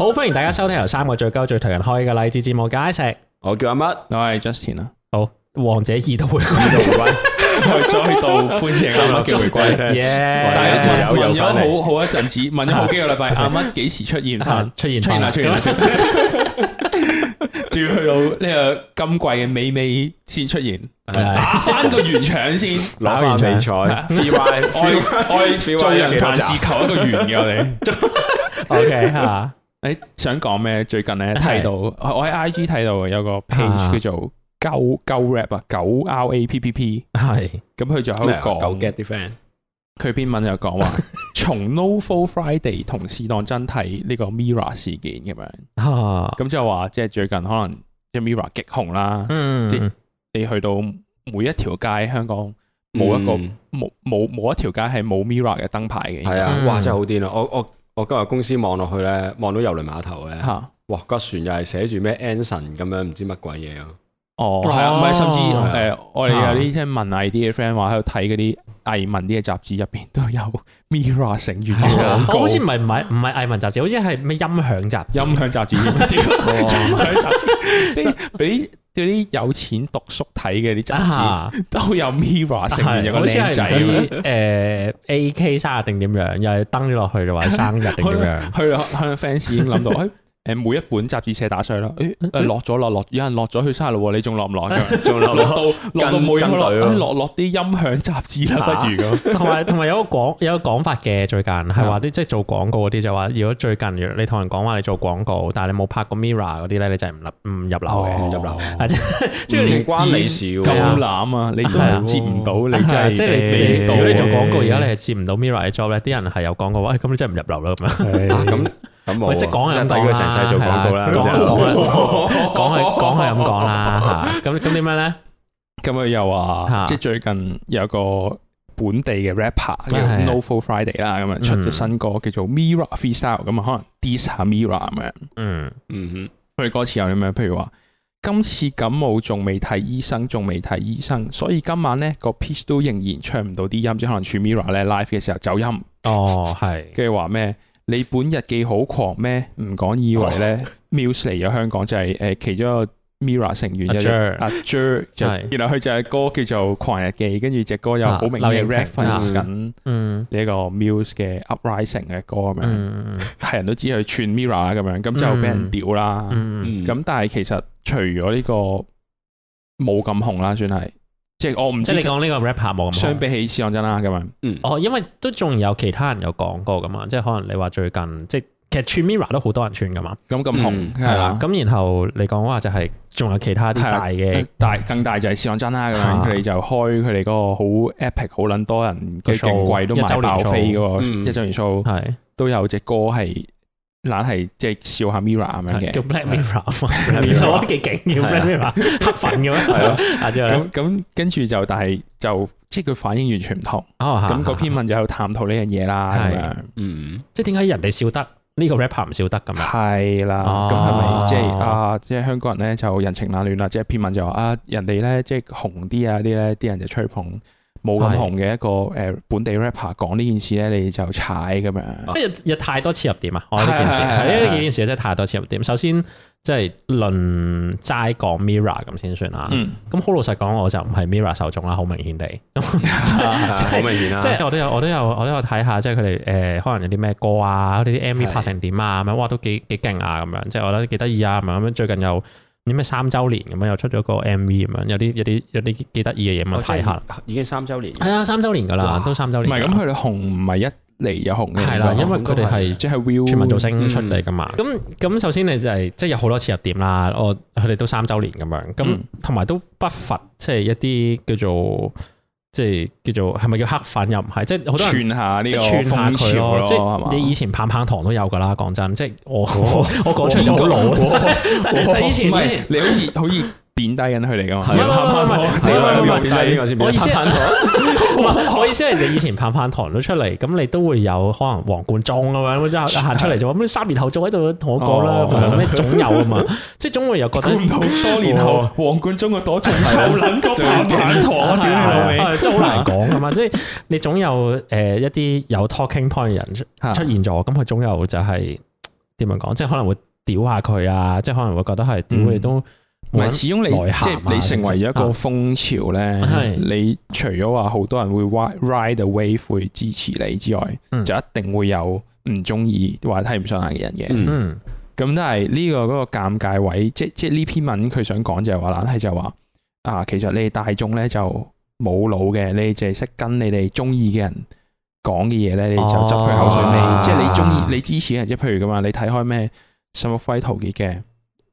好，歡迎大家收聽由三個最高最頹人開嘅勵志節目。介紹，我叫阿乜，我係 Justin 啊。好，王者二度回歸，我再度歡迎阿乜嘅回歸。但係又又有一好好一陣子，問咗好幾個禮拜，阿乜幾時出現？出現出現出現，仲要去到呢個今季嘅尾尾先出現，打翻個圓場先，攞完比賽，愛愛做人凡事求一個圓嘅我哋。O K 啊。你、哎、想講咩？最近咧睇到的我喺 I G 睇到有個 page 叫做 g o rap 啊九 R A P P P 係，咁佢就喺度講，佢篇文就講話從 No Full Friday 同試當真睇呢個 MIRROR 事件咁樣，咁的就話即係最近可能即係 MIRROR 極紅啦，嗯、即你去到每一條街香港冇一個冇冇冇一條街係冇 MIRROR 嘅燈牌嘅，係啊的，哇、嗯、真係好癲啊！我我。我今日公司望落去咧，望到郵輪碼頭咧，哇是、啊！個船又係寫住咩 Anson 咁樣，唔知乜鬼嘢啊。哦，係啊，啊，唔係，甚至係是、啊呃、我哋有啲聽文藝啲嘅 friend 話喺度睇嗰啲藝文啲嘅雜誌入邊都有 Mirror 成員嘅廣告，哦、好似唔係唔係唔係藝文雜誌，好似係咩音響雜誌？音響雜誌？啲俾、哦。音響雜誌叫啲有錢讀叔睇嘅啲雜誌，啊、都有 Mirror 成員有是個靚仔，誒、 呃、AK 生日定點樣， 又係登咗落去嘅話生日定點樣，係咯，fans 已經諗到。 誒，每一本雜誌社打上啦，誒，落咗落落有人落咗去三日啦，你仲落唔落？仲落到落到冇落，落啲音響雜誌啦，不如咁。同埋同埋有個講有個講法嘅，最近係話啲即係做廣告嗰啲就話，如果最近你同人講話你做廣告，但係你冇拍過 Mirror 嗰啲咧，你就係唔入唔入流嘅，入流即係即係唔關你事，夠攬啊，你接唔到，你即係你係如你做廣告而家你係接唔到 Mirror 嘅 job 咧，啲人係有講過話，咁你真係唔入流啦咁樣咁。即係講係咁，想抵佢成世做廣告啦，講係講係咁講啦。咁咁點樣咧？咁佢又話，即係最近有個本地嘅 rapper 叫 No4Friday 啦，咁啊出咗新歌叫做 MIRROR Freestyle，咁啊可能 Diss 下 MIRROR 咁樣。嗯嗯，佢歌詞又點樣？譬如話今次感冒仲未睇醫生，仲未睇醫生，所以今晚咧個 pitch 都仍然唱唔到啲音，即可能唱 MIRROR 咧 live 嘅時候走音。哦，係。跟住話咩？你本日記好狂咩？唔講以為咧、oh.，Muse 嚟咗香港就係、是、誒其中一個 Mirror 成員阿 Joe 就係，是然後佢就係歌叫做《狂日記》，跟住隻歌又好明顯 references 緊呢、啊、一個 Muse 嘅 Uprising 嘅歌咁樣，係、啊嗯、人都知佢串 Mirror 啦咁樣，咁之後俾人屌啦，咁、嗯、但係其實除咗呢、呢個冇咁紅啦，算係。即係我唔知，即係你講呢個 rap 冇咁，相比起試當真啦咁樣。哦，因為都仲有其他人有講過噶嘛，即係可能你話最近即係其實串 mirror 都好多人串噶嘛，咁咁紅係啦。咁然後你講話就係仲有其他啲大嘅大更大就係試當真啦咁樣，佢哋就開佢哋嗰個好 epic 好捻多人嘅勁貴都賣爆飛噶喎，一週年 show 係都有隻歌係。嗱係即係笑下 Mirror 咁樣嘅叫 Black Mirror 其實我一記鏡叫 Black Mirror 黑粉嘅咩？係咯，咁咁跟住就，但係就即係佢反應完全唔同，咁嗰篇文就喺度探討呢樣嘢啦，咁樣，嗯，即係點解人哋笑得呢個 rapper 唔笑得咁樣？係啦，咁係咪即係啊？即係香港人咧就人情冷暖啦。即係篇文就話啊，人哋咧即係紅啲啊啲咧，啲人就吹捧。冇咁紅嘅一個誒本地 rapper 講呢件事咧，你就踩咁樣。因為、啊、有，有太多切入點啊！ 我呢件事，呢 件事真係太多切入點。首先，即、就、係、是、論齋講 Mirror 咁先算啦。咁好、嗯嗯、老實講，我就唔係 Mirror 受眾啦，好明顯地。好明顯啊、就是！即、就、係、是、我都有，我都有，我都有睇下，即係佢哋誒可能有啲咩歌啊，嗰啲 MV 拍成點啊咁樣。哇，都幾幾勁啊咁樣。即係我覺得幾得意啊咁樣。最近又。點咩三周年咁樣又出咗個 MV 咁樣，有啲有啲有啲幾得意嘅嘢，咪睇下。看看已經三周年。係啊，三周年噶啦，哇都三周年。唔係咁佢哋紅唔係一嚟就紅嘅。係啦、啊，啊、因為佢哋係即係全民造星出嚟噶嘛。咁咁、嗯、首先你就係、是、即係有好多次入點啦，我佢哋都三周年咁樣，咁同埋都不乏即係一啲叫做。即係叫做係咪叫黑粉又唔係，即係好多人串下呢、這個串下潮咯。即係你以前棒棒堂都有㗎啦，講真，即係我、哦、我講出嚟。內幕。但以前以前、哦、你好似。好熱。 貶低緊佢嚟噶嘛？呢低，唔係唔係唔係，我意思係你以前棒棒糖都出嚟，咁你都會有可能黃貫中啊咁即係行出嚟就話。三年後仲喺度同我講啦，咁樣總有啊嘛，即係總會有覺得多年後黃貫中個朵長又諗個棒棒糖點好難講啊嘛，即係你總有誒一啲有 talking point 嘅人出出現咗，咁佢總有就係點樣講，即係可能會屌下佢啊，即係可能會覺得係屌你都。唔係，始終你即係你成為咗一個風潮咧。係、啊，你除咗話好多人會 ride ride the wave 會支持你之外，嗯、就一定會有唔中意、話睇唔上眼嘅人嘅。嗯，咁都係呢個嗰個尷尬位。即即呢篇文佢想講就係話啦，係就話啊，其實你大眾咧就冇腦嘅，你淨係識跟你哋中意嘅人講嘅嘢咧，你就執佢口水尾。啊、即係你中意、你支持嘅人，即係譬如咁啊，你睇開咩什麼廢圖嘅。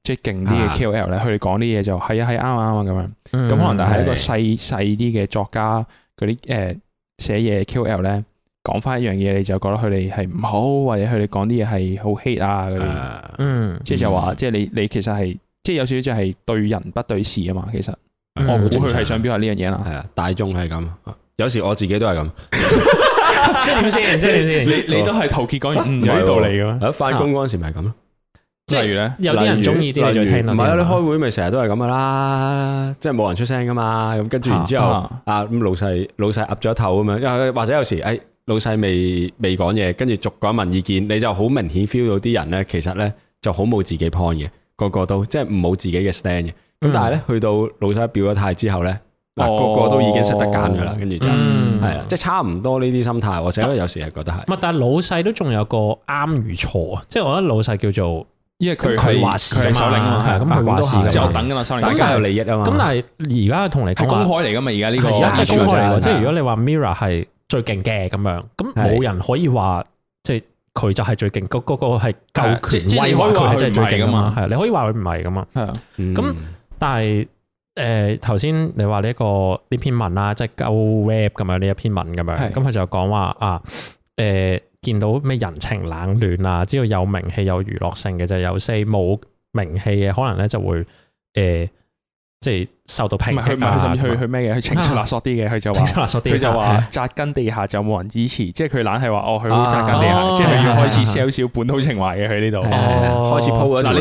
即係勁啲嘅 QL 咧，佢哋講啲嘢就係啊係啱啊啱啊咁樣，咁可能但係一個細細啲嘅作家嗰啲誒寫嘢 QL 咧，講翻一樣嘢，你就覺得佢哋係唔好，或者佢哋講啲嘢係好 hate 啊嗰啲，嗯，即係就話，即係你你其實係即係有少少就係對人不對事啊嘛，其實我唔知佢係想表達呢樣嘢啦，係啊，大眾係咁，有時我自己都係咁，即係點先？即係點先？你你都係陶傑講完，有啲道理嘅咩？我翻工嗰陣時咪係咁咯。例如咧，如有啲人中意啲嘢聽唔係啊，你開會咪成日都係咁噶啦，即係冇人出聲噶嘛，咁跟住然之後啊，咁、啊、老細老細岌咗頭咁樣，因或者有時誒、哎，老細未未講嘢，跟住逐個問意見，你就好明顯 feel 到啲人咧，其實咧就好冇自己 point 嘅，個個都即係唔冇自己嘅 stand 嘅，咁、嗯、但係咧去到老細表咗態之後咧，嗱個個都已經識得揀噶啦，跟住、哦、就係啦、嗯，即係差唔多呢啲心態，或者有時係覺得係。係，但係老細都仲有個啱與錯啊，即係我覺得老細叫做。因為佢佢佢首領嘛，咁佢都係就等噶嘛，首領大家有利益啊嘛。咁但係而家同你講公開嚟噶嘛？而家呢個而家係公開啦。即係如果你話 MIRROR 係最勁嘅咁樣，咁冇人可以話即係佢就係最勁。嗰嗰個係夠權威，佢係真係最勁啊嘛。係，你可以話佢唔係噶嘛。係咁但係誒頭先你話呢個呢篇文啦，即係夠 rap 咁樣呢一篇文咁樣。係。咁佢就講話啊，誒。見到咩人情冷暖啊，只要有名氣，有娛樂性嘅就有，四冇名氣嘅可能咧就會誒，即係受到抨擊嘛。佢就佢佢咩嘅？去情緒勒索啲嘅，佢就情緒勒索啲。佢就話扎根地下就冇人支持，即係佢懶係話哦，佢好紮根地下，即係佢要開始 sell 少本土情懷嘅。佢呢度開始鋪嗱。你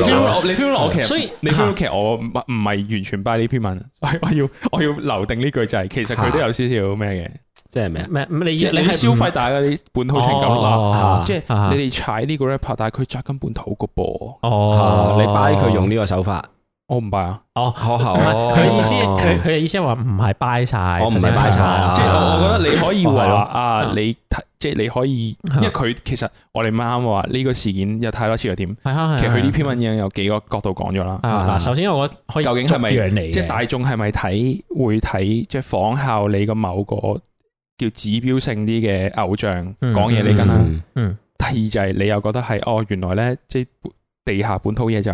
你 feel 到？我其實所以你 feel 到其實我唔唔係完全 buy 呢篇文，我要我要留定呢句就係其實佢都有少少咩嘅。即係咩啊？即你係消費大家啲本土情感，即係你哋踩呢個 rapper，但係佢紮根本土嘅噃。哦，你 buy 佢用呢個手法，我唔 buy 啊。哦，佢意思佢佢嘅意思話唔係 buy 晒，我唔係 buy 晒。即係我覺得你可以話啊，你即係你可以，因為佢其實我哋啱啱話呢個事件有太多切入點。其實佢呢篇文已有有幾個角度講咗啦。啊，首先我，究竟係咪即係大衆係咪睇會睇即係仿效你嘅某個？叫指標性啲嘅偶像講嘢你噶啦，第二就係你又覺得係哦，原來咧即係地下本土嘢就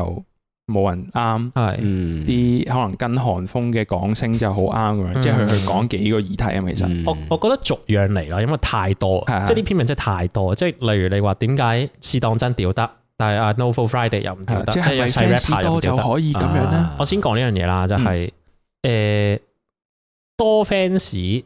冇人啱，係啲可能跟韓風嘅港星就好啱咁樣，即係佢去講幾個議題啊。其實我我覺得逐樣嚟啦，因為太多，即係呢篇文真係太多，即係例如你話點解試當真屌得，但係阿 No For Friday 又唔屌得，即係 fans 多就可以咁樣咧。我先講呢樣嘢啦，就係誒多 fans。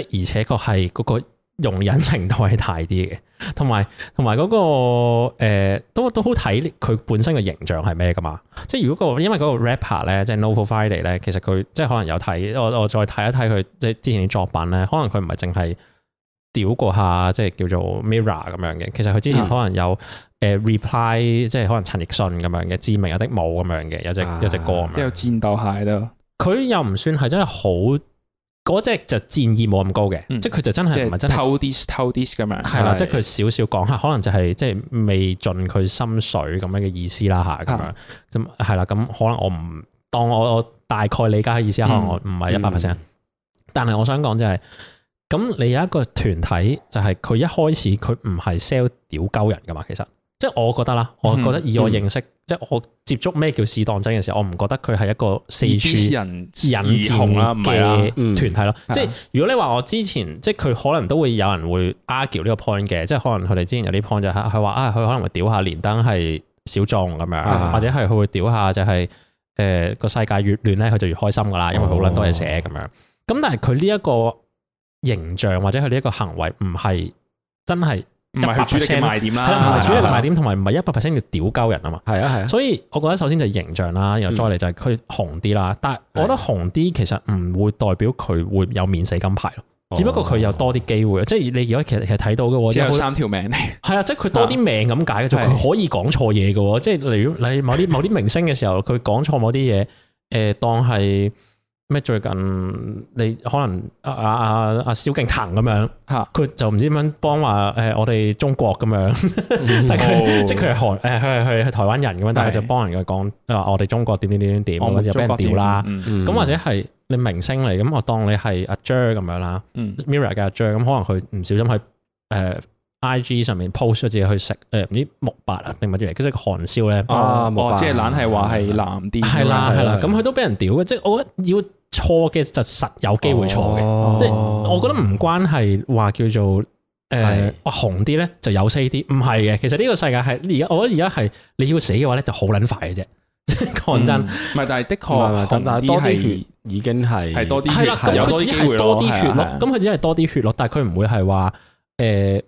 而且確係嗰個容忍程度係大啲嘅，同埋同埋嗰個，呃、都都好睇佢本身嘅形象係咩㗎嘛？即如果個因為嗰個 rapper 咧、no，即 Novo Friday 咧，其實佢即可能有睇我我再睇一睇佢即之前啲作品咧，可能佢唔係淨係屌過下即叫做 Mirror 咁樣嘅，其實佢之前可能有誒 Reply 即可能陳奕迅咁樣嘅《致命有、啊、有的舞》咁樣嘅有隻有隻歌咁有戰鬥鞋咯，佢，嗯、又唔算係真係好。嗰即就戰意冇咁高嘅，嗯、即係佢就真係唔係真係偷啲、這個、偷咁、這、樣、個，係啦的，即係佢少少講下，可能就係、是、即係未盡佢心水咁樣嘅意思啦吓，咁、啊、樣咁係啦，咁可能我唔當我我大概理解嘅意思，可能我唔係一百 percent，但係我想講就係、是，咁你有一個團體就係佢一開始佢唔係 sell 屌鳩人㗎嘛，其實。即係我覺得啦，我覺得以我認識，嗯、即係我接觸咩叫試當真嘅時候，我唔覺得佢係一個四處引藏啦唔係嘅團體咯。嗯嗯嗯、即係如果你話我之前，即係佢可能都會有人會 argue 呢個 point 嘅，即係可能佢哋之前有啲 point 就係佢話啊，佢可能會屌下連登係小眾咁樣，啊、或者係佢會屌下就係誒個世界越亂咧，佢就越開心噶啦，因為好捻多嘢寫咁樣。咁、哦、但係佢呢一個形象或者佢呢一個行為唔係真係。唔係主力賣點啦，唔係主力賣點，同埋唔係一百 percent 要屌鳩人啊嘛。係啊係啊，所以我覺得首先就形象啦，然後再嚟就係佢紅啲啦。但係我覺得紅啲其實唔會代表佢會有免死金牌咯，只不過佢有多啲機會，即係你而家其實其實睇到嘅，即係三條命嚟。係啊，即係佢多啲命咁解嘅，就佢可以講錯嘢嘅，即係例如你某啲某啲明星嘅時候，佢講錯某啲嘢，誒當係。咩最近你可能阿阿阿阿蕭敬騰咁樣，佢就唔知點樣幫話誒我哋中國咁樣，即係佢係韓誒佢係佢台灣人咁樣，但係就幫人嘅講誒我哋中國點點點點點，又俾人屌啦。咁或者係你明星嚟咁，我當你係阿 J 咁樣啦 MIRROR 嘅阿 J，咁可能佢唔小心去誒 IG 上面 post 咗自己去食誒唔知木白啊定乜嘢嚟，即係韓燒咧。啊，哦即係冷係話係冷啲。係啦係啦，咁佢都俾人屌嘅，即係我要。錯嘅就實有機會錯嘅，即係我覺得唔關係話叫做誒紅啲咧就有犀啲，唔係嘅。其實呢個世界係而家，我覺得而家係你要死嘅話咧就好捻快嘅啫。講真，唔係，但係的確，但係多啲血已經係係多啲，咁佢只係多啲血咯。咁佢只係多啲血咯，但係佢唔會係話誒。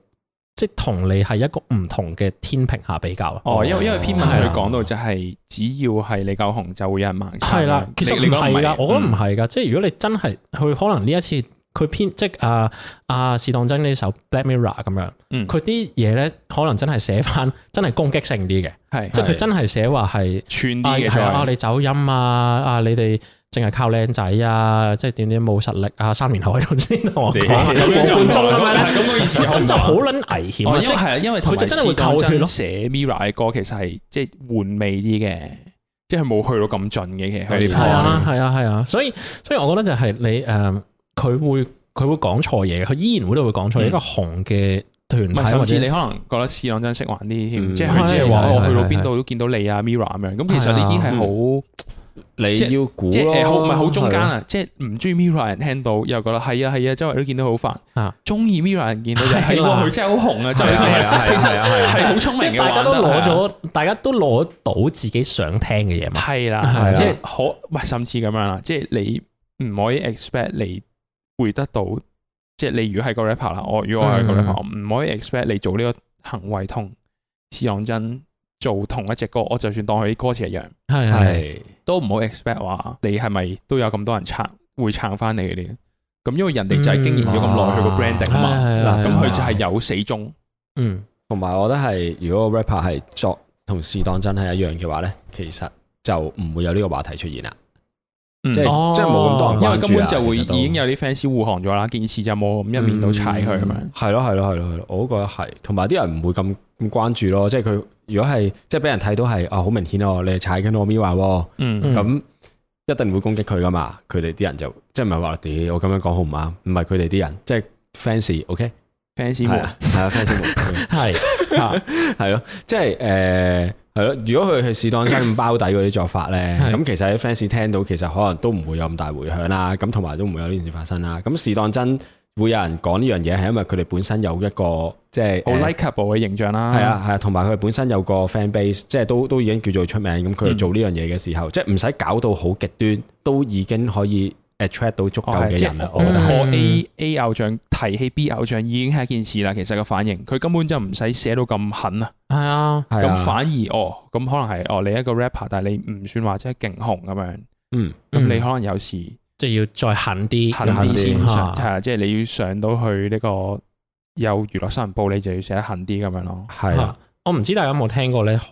即同你係一個唔同嘅天平下比較啊！哦，因為因為篇文佢講到就係只要係你夠紅就會有人盲。係啦，其實你唔係㗎，我覺得唔係㗎。即係如果你真係佢可能呢一次佢編即係啊啊，試當真呢首《Black Mirror》咁樣，佢啲嘢咧可能真係寫翻，真係攻擊性啲嘅。係，即係佢真係寫話係串啲嘅，係啊，你走音啊，啊你哋。淨係靠靚仔啊，即係點點冇實力啊！三年後喺度先同我講，冇半鐘啊嘛！咁個意思就好撚危險即係，因為佢就真係會扣斷咯。寫 m i r r o r 嘅歌其實係即係玩味啲嘅，即係冇去到咁盡嘅。其實係啊，係啊，係 啊樂。所以所以我覺得就係你誒，佢、呃、會佢會講錯嘢，佢依然都會講錯。嗯、一個紅嘅團體甚至你可能覺得似兩真識玩啲、嗯、即係即係話我去到邊度都見到你啊 m i r r o r 咁樣。咁其實呢啲係好。嗯你要估即好唔係好中間啊！即係唔中意 Mirror 人聽到又覺得係啊係啊，周圍都見到好煩啊！中意 Mirror 人見到就係佢真係好紅啊！就係其實係好聰明嘅，大家都攞咗，大家都攞到自己想聽嘅嘢嘛。係啦，即係可喂，甚至咁樣啦。即係你唔可以 expect 你會得到，即係你如果係個 rapper 啦。我如果係個 rapper，唔可以 expect 你做呢個行為同試當真。做同一隻歌，我就算當佢啲歌詞一樣，係係，都唔好 expect 話你係咪都有咁多人撐會撐翻你嗰啲，咁因為人哋就係經營咗咁耐佢個 branding 啊嘛，嗱，咁佢就係有死忠，嗯，同埋我覺得係，如果個 rapper 係作同試當真係一樣嘅話咧，其實就唔會有呢個話題出現啦，即係即係冇咁多人，因為根本就會已經有啲 fans 護航咗啦，件事就冇一面倒踩佢咁樣，係咯係咯係咯，我都覺得係，同埋啲人唔會咁咁關注咯，即係佢。如果係即係俾人睇到係啊好明顯哦，你係踩緊 MIRROR 喎，咁一定唔會攻擊佢㗎嘛？佢哋啲人就即係唔係話屌我咁樣講好唔啱？唔係佢哋啲人即係 fans，OK？fans 係啊 fans 係啊係咯，即係誒係咯。如果佢係試當真包底嗰啲做法咧，咁 其實啲 fans 聽到其實可能都唔會有咁大迴響啦，啊，咁同埋都唔會有呢件事發生啦，啊。咁試當真。會有人講呢樣嘢，係因為佢哋本身有一個即係 likeable 嘅形象啦。係啊，係啊，同埋佢本身有個 fan base，即係都都已經叫做出名。咁佢哋做呢樣嘢嘅時候，嗯、即係唔使搞到好極端，都已經可以 attract 到足夠嘅人啦。哦啊、我覺得、嗯、我 A A 偶像提起 B 偶像已經係一件事啦。其實個反應，佢根本就唔使寫到咁狠啊。係啊、嗯，咁反而哦，咁可能係哦，你一個 rapper，但係你唔算話即係勁紅咁樣。嗯。咁、嗯、你可能有時。即係要再狠啲，狠啲先係啊！即係你要上到去呢個有娛樂新聞報，你就要寫得狠啲咁樣咯。係啊，我唔知大家有冇聽過咧，好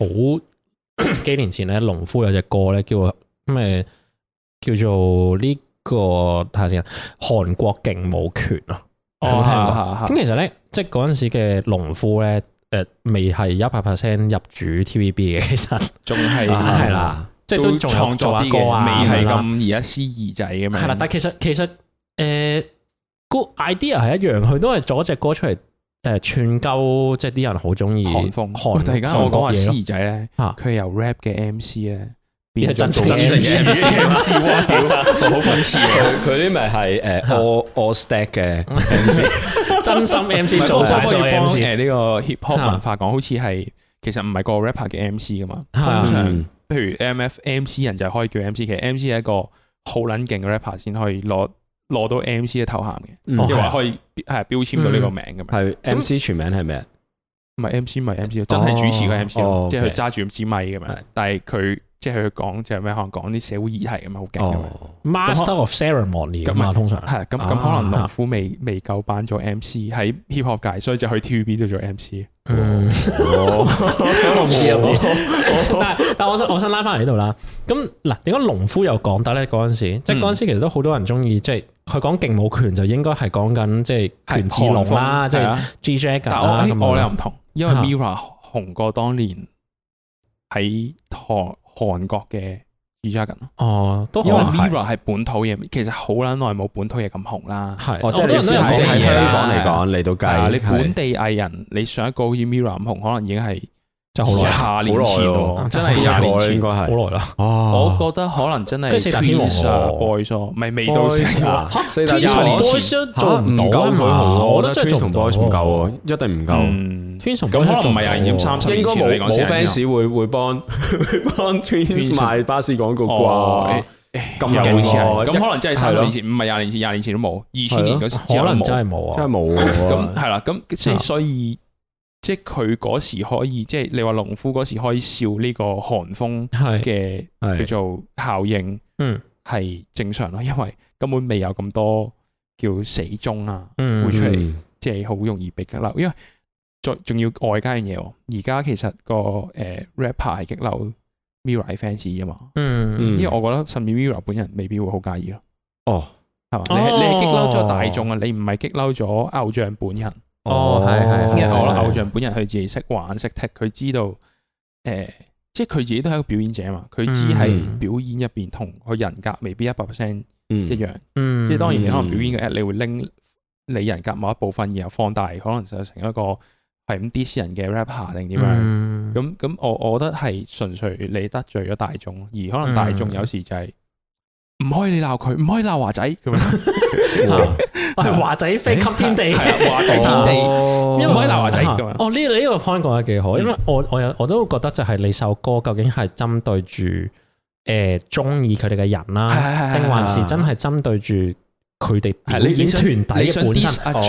幾年前咧，農夫有隻歌咧，叫咩叫做呢個？睇下先啊，韓國勁舞權啊，有冇聽過？咁其實咧，即係嗰陣時嘅農夫咧，誒，未係一百 percent 入主 TVB 嘅，其實仲係係啦。即係都創作啲歌，未係咁而家詩兒仔咁樣。係啦，但係其實，其實誒 good idea 係一樣，佢都係做一隻歌出嚟誒串鳩，即係啲人好中意韓風。但係而家我講話詩兒仔咧，佢由 rap 嘅 MC 咧變一真真嘅 MC 哇！屌，好諷刺，佢啲咪係誒 all all stack 嘅 MC，真心 MC 做晒嘅 MC。誒呢個 hip hop 文化講好似係，其實唔係個 rapper 嘅 MC 噶嘛，通常。譬如 M F M C 人就可以叫 M C，其實 M C 係一個好捻勁嘅 rapper 先可以攞攞到 M C 嘅頭銜嘅，即係話可以係標籤到呢個名嘅。係 M C 全名係咩啊？唔係 M C 唔係 M C，真係主持個 M C，即係佢揸住支米咁樣，但係佢。即係佢講就係咩，可能講啲社會議題咁啊，好勁啊！Master of ceremony 咁啊，通常係咁咁可能農夫未未夠班做 MC 喺 hiphop 界，所以就去 TVB 做 MC。但但我想我想拉翻嚟呢度啦。咁嗱，點解農夫有講得咧？嗰陣時即係嗰陣時，其實都好多人中意。即係佢講勁武拳就應該係講緊即係權志龍啦，即係 G Dragon。但係我我我又唔同，因為 Mira 紅過當年。喺韓韓國嘅 e r a 哦，都可能 Mirror 係本土嘢，其實好捻耐冇本土嘢咁紅啦。係，哦哦、即係你真係講喺香港嚟講，嚟到計你本地藝人的你上一個好似 Mirror 咁紅，可能已經係。廿年前喎，真係廿年前，應該係好耐啦。哦，我覺得可能真係四大天王嘅 boys，唔係未到時啦。廿年前做唔到係冇咯。我覺得 Twins 同 Boy'z 唔夠喎，一定唔夠。Twins 咁可能唔係廿年、三十年前，我講先啦。冇 fans 會會幫幫 Twins 賣巴士廣告啩？咁有冇錢啊？咁可能真係十年前，唔係廿年前，廿年前都冇。二千年嗰時可能真係冇啊，真係冇。咁係啦，咁即係所以。即係佢嗰時可以，即係你話農夫嗰時可以笑呢個韓風嘅叫做效應，嗯，係正常咯，因為根本未有咁多叫死忠啊，會出嚟，即係好容易被激嬲。因為再仲要外加樣嘢，而家其實個誒 rapper 係激嬲 Mirror fans 啊嘛，嗯，因為我覺得甚至 Mirror 本人未必會好介意咯。哦，係嘛，你係你係激嬲咗大眾啊，你唔係激嬲咗、哦、偶像本人。哦，係係，因為我偶像本人佢自己識玩識踢，佢知道，誒、呃，即係佢自己都係一個表演者啊嘛，佢只係表演入邊同佢人格未必一百 percent 一樣，mm hmm. 即係當然你可能表演嘅 app 你會拎你人格某一部分，然後放大，可能就成一個係咁 dis 人嘅 rapper 定點樣，咁咁、mm hmm. 我我覺得係純粹你得罪咗大眾，而可能大眾有時就係、是。唔可以你鬧佢，唔可以鬧華仔咁樣，係華仔飛級天地，華仔天地，因為可以鬧華仔哦，呢呢個 point 講得幾好，因為我我有我都覺得就係你首歌究竟係針對住誒中意佢哋嘅人啦，定還是真係針對住佢哋？你演團體本身，阿啊，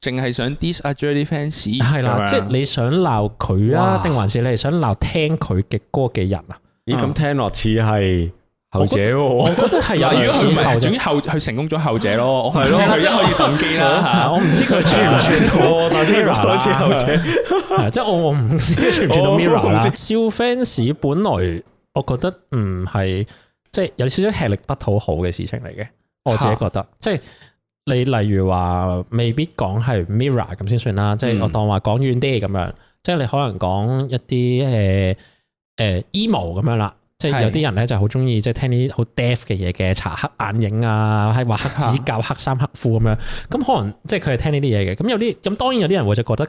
淨係想 diss 阿 J 啲 fans，係啦，即係你想鬧佢啊，定還是你係想鬧聽佢嘅歌嘅人啊？咦，咁聽落似係。後者，後，後者，我覺得係有啲似，總之後佢成功咗後者咯，係咯，真可以動機啦吓，我唔知佢串唔串到。但係 Mirror 好似後者，即係我穿穿 ror，我唔知串唔串到 Mirror 啦。笑 fans 本來，我覺得唔係即係有少少吃力不討好嘅事情嚟嘅，我自己覺得，啊、即係你例如話未必講係 Mirror 咁先算啦、嗯，即係我當話講遠啲咁樣，即係你可能講一啲誒誒 emo 咁樣啦。即係有啲人咧就好中意即係聽呢啲好 deaf 嘅嘢嘅，搽黑眼影啊，係話黑指甲黑衫黑褲咁樣。咁可能即係佢係聽呢啲嘢嘅。咁有啲咁當然有啲人會覺得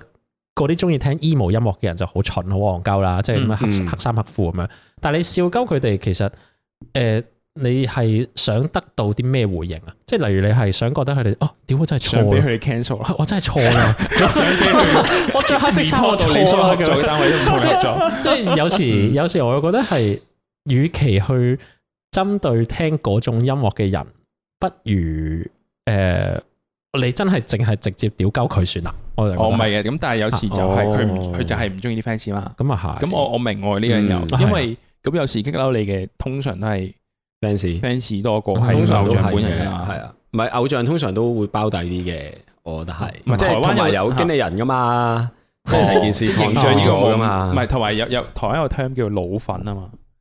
嗰啲中意聽 emo 音樂嘅人就好蠢好戇鳩啦。即係咁黑、嗯嗯、黑衫黑褲咁樣。但係你笑鳩佢哋，其實誒、呃，你係想得到啲咩回應啊？即係例如你係想覺得佢哋哦、屌、啊、我真係錯，想我真係錯啦， 想 我上邊我着黑色衫我錯咗嘅單位都唔同咗，即係有時有時我會覺得係。與其去針對聽嗰種音樂嘅人，不如誒，你真係淨係直接屌鳩佢算啦。我唔係嘅，咁但係有時就係佢佢就係唔中意啲 fans 嘛。咁啊係，咁我我明喎呢樣嘢，因為咁有時激嬲你嘅，通常都係 fans fans 多過通常偶像本人嘅，係啊，唔係偶像通常都會包底啲嘅，我覺得係。唔係台灣人有經理人噶嘛，即成件事偶像應該冇噶嘛，唔係同埋有有台灣有聽叫老粉啊嘛。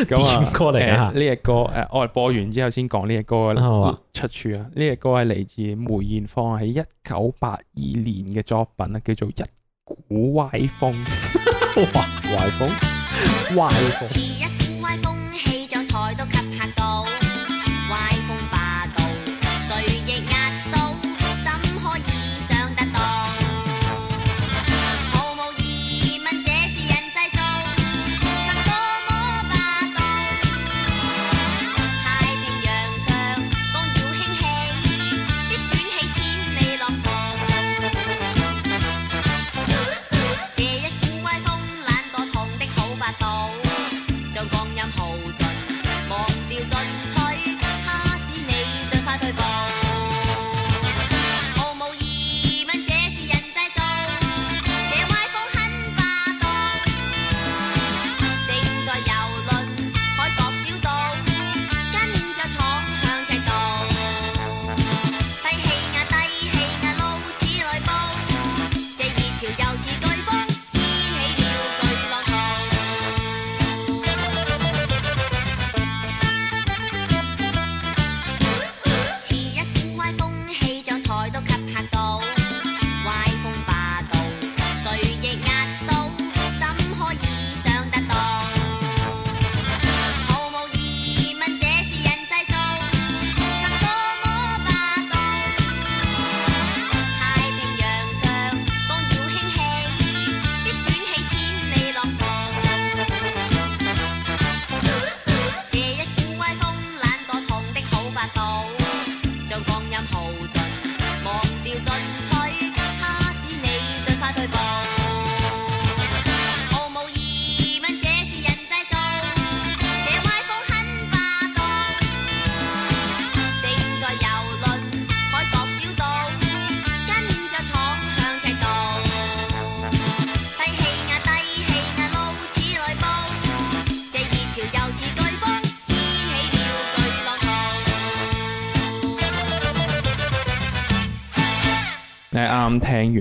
咁呢隻歌誒、呃，我播完之後先講呢隻歌啦。好啊、出處啊，呢隻歌係嚟自梅艷芳喺一九八二年嘅作品啊，叫做《一股歪風》。歪風、 嗯，歪風。 歪風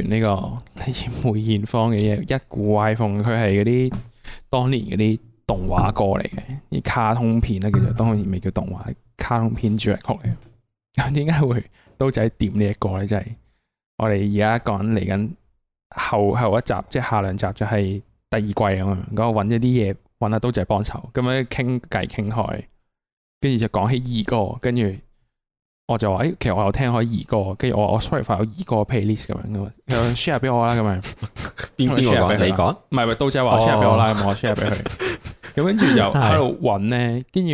呢、這個梅艷芳嘅嘢，一股歪風。佢係嗰啲當年嗰啲動畫歌嚟嘅，啲卡通片咧其實當年未叫動畫，卡通片主題曲嚟。咁點解會刀仔點呢一個咧？即、就、係、是、我哋而家講嚟緊後後一集，即係下兩集就係第二季咁樣。咁我揾咗啲嘢，揾阿刀仔幫手，咁樣傾偈傾開，跟住就講起二個，跟住。我就話誒，其實我有聽開兒歌，跟住我我 spread 翻有兒歌 playlist 咁樣，share 俾我啦咁樣。邊邊個講？你講？唔係，咪杜姐話 share 俾我啦，咁我 share 俾佢。咁跟住又喺度搵咧，跟住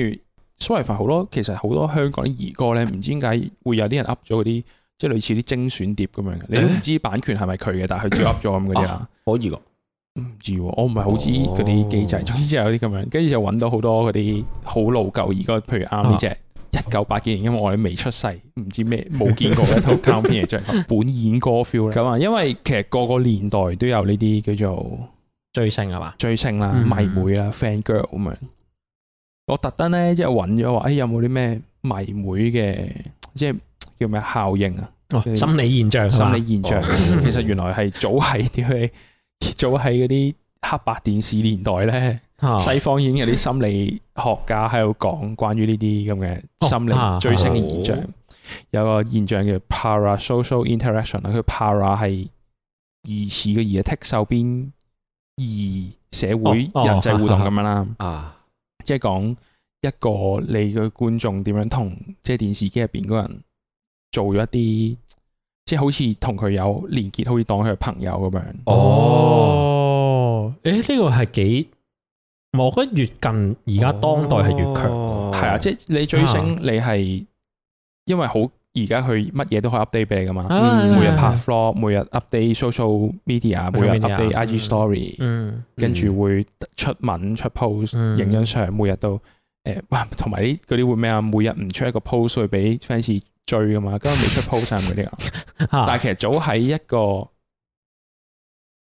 spread 翻好多。其實好多香港啲兒歌咧，唔知點解會有啲人 up 咗嗰啲，即係類似啲精選碟咁樣。你唔知版權係咪佢嘅，但係佢做 up 咗咁嗰啲啊？可以噶？唔知我唔係好知嗰啲機制，總之係有啲咁樣，跟住就搵到好多嗰啲好老舊兒歌，譬如啱呢隻。啊一九八幾年，因為我哋未出世，唔知咩，冇見過一套卡通片嘅最本演歌 feel 咁啊，因為其實個個年代都有呢啲叫做追星係嘛？追星啦、嗯、迷妹啦、fan girl 咁樣。我特登咧，即係揾咗話，哎有冇啲咩迷妹嘅，即係叫咩效應啊？心理現象，啊、心理現象。啊、其實原來係早喺啲， 早喺嗰啲黑白電視年代咧。西方已經有啲心理學家喺度講關於呢啲咁嘅心理追星嘅現象，哦啊啊啊、有個現象叫 parasocial interaction 啊 para，佢 para 係疑似嘅疑啊，text 後邊疑社會人際互動咁樣啦、哦，啊，即係講一個你嘅觀眾點樣同即係電視機入邊嗰人做咗一啲，即係好似同佢有連結，好似當佢係朋友咁樣。哦，誒、哦，呢個係幾？我覺得越近而家當代係越強，係啊、哦，即係你追星，你係因為好而家佢乜嘢都可以 update 俾你噶嘛？嗯、每日拍 vlog，嗯、每日 update social media，每日 update、嗯、IG story，嗯，跟住會出文出 post，影張相，每日都誒，哇！同埋啲嗰啲會咩啊？每日唔出一個 post 去俾 fans 追噶嘛？今日未出 post 係唔啱，但係其實早喺一個